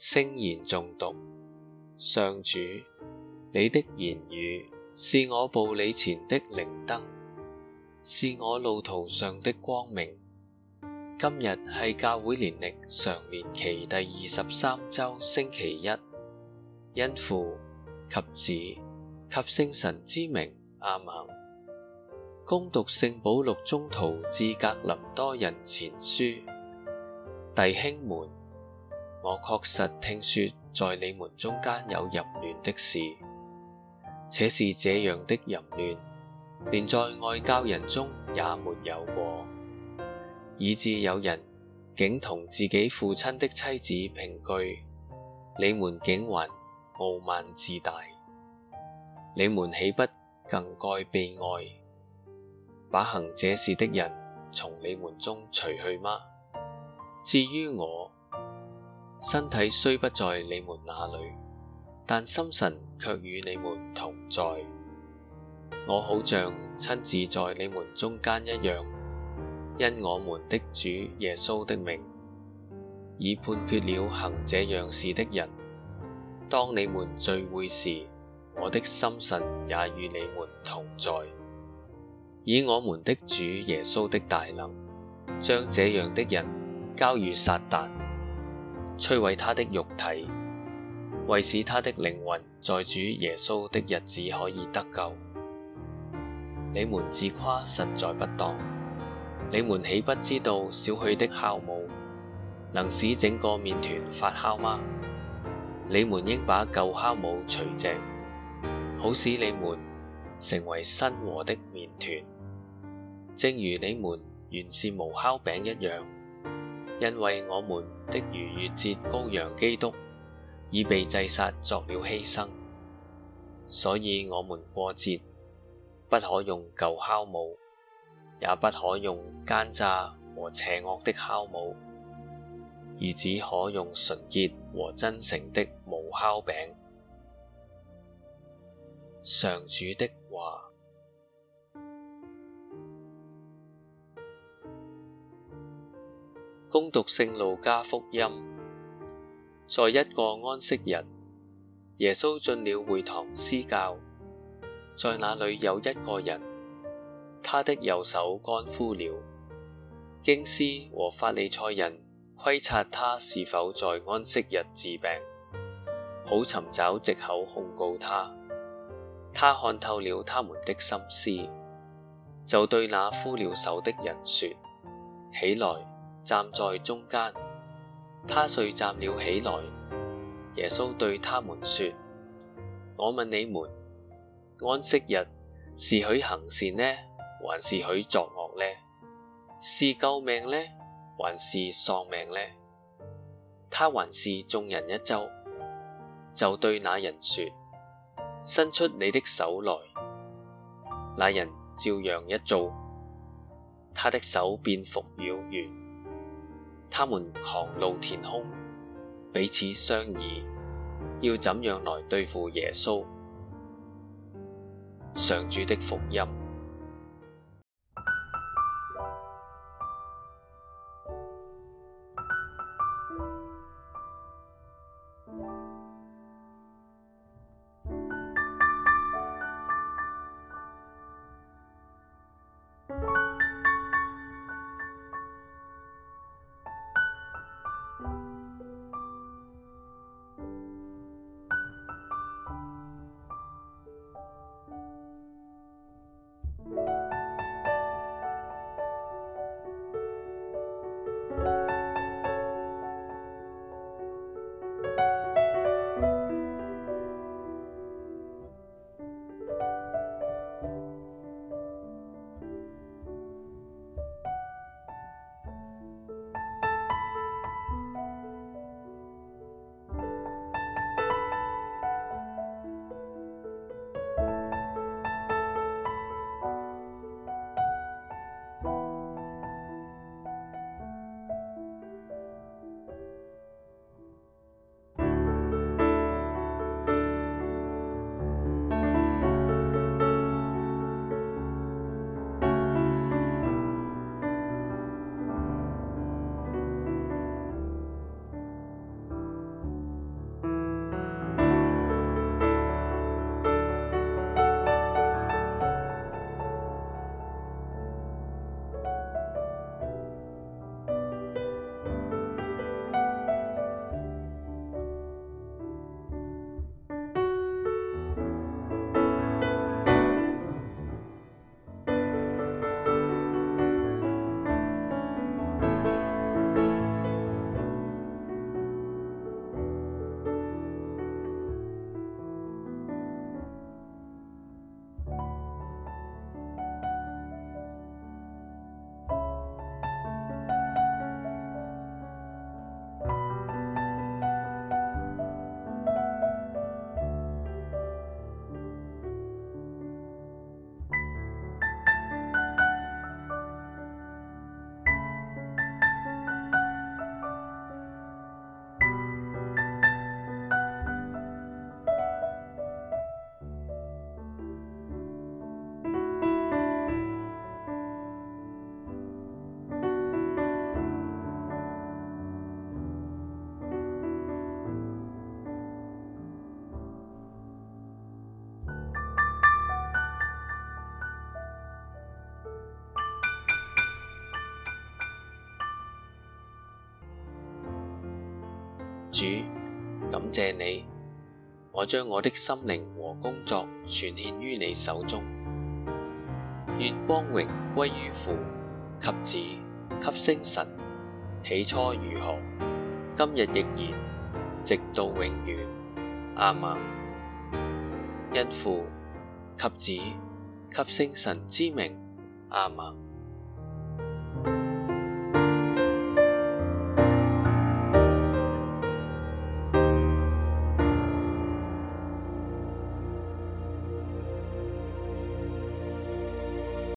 聖言誦讀，上主，你的言語是我步履前的靈燈，是我路途上的光明。今日係教會年曆常年期第二十三周星期一，因父及子及聖神之名阿敏，恭、嗯嗯、讀聖保祿宗徒致格林多人前書，弟兄們。我確實聽說在你們中間有淫亂的事，且是這樣的淫亂，連在外教人中也沒有過，以至有人竟同自己父親的妻子姘居。你們竟還傲慢自大，你們豈不更該悲哀，把行這事的人從你們中除去嗎？至於我。身體雖不在你們那裏，但心神却與你們同在。我好像親自在你們中間一樣，因我們的主耶穌的名，已判決了行這樣事的人。當你們聚會時，我的心神也與你們同在，以我們的主耶穌的大能，將這樣的人交與撒殫。摧毀他的肉體，為使他的靈魂在主耶穌的日子可以得救。你們自誇實在不當。你們豈不知道少許的酵母，能使整個麵團發酵嗎？你們應把舊酵母除淨，好使你們成為新和的麵團，正如你們原是無酵餅一樣。因為我們的逾越節羔羊基督，已被祭殺作了犧牲，所以我們過節，不可用舊酵母，也不可用奸詐和邪惡的酵母，而只可用純潔和真誠的無酵餅。上主的話。恭讀《聖路加福音》，在一個安息日，耶穌進了會堂施教，在那裏有一個人，他的右手乾枯了。經師和法利賽人窺察他是否在安息日治病，好尋找藉口控告他。他看透了他們的心思，就對那枯了手的人說：起來。站在中間，他遂站了起來。耶穌對他們說：我問你們，安息日是許行善呢，還是許作惡呢？是救命呢，還是喪命呢？他環視眾人一周，就對那人說：伸出你的手來。那人照樣一做，他的手便復了原。他們狂怒填胸，彼此商議，要怎樣來對付耶穌。上主的福音。主，感謝你，我將我的心靈和工作全獻於你手中，願光榮歸於父及子及星神，起初如何，今日亦然，直到永遠，阿、啊、嫲，因父及子及星神之名，阿、啊、嫲。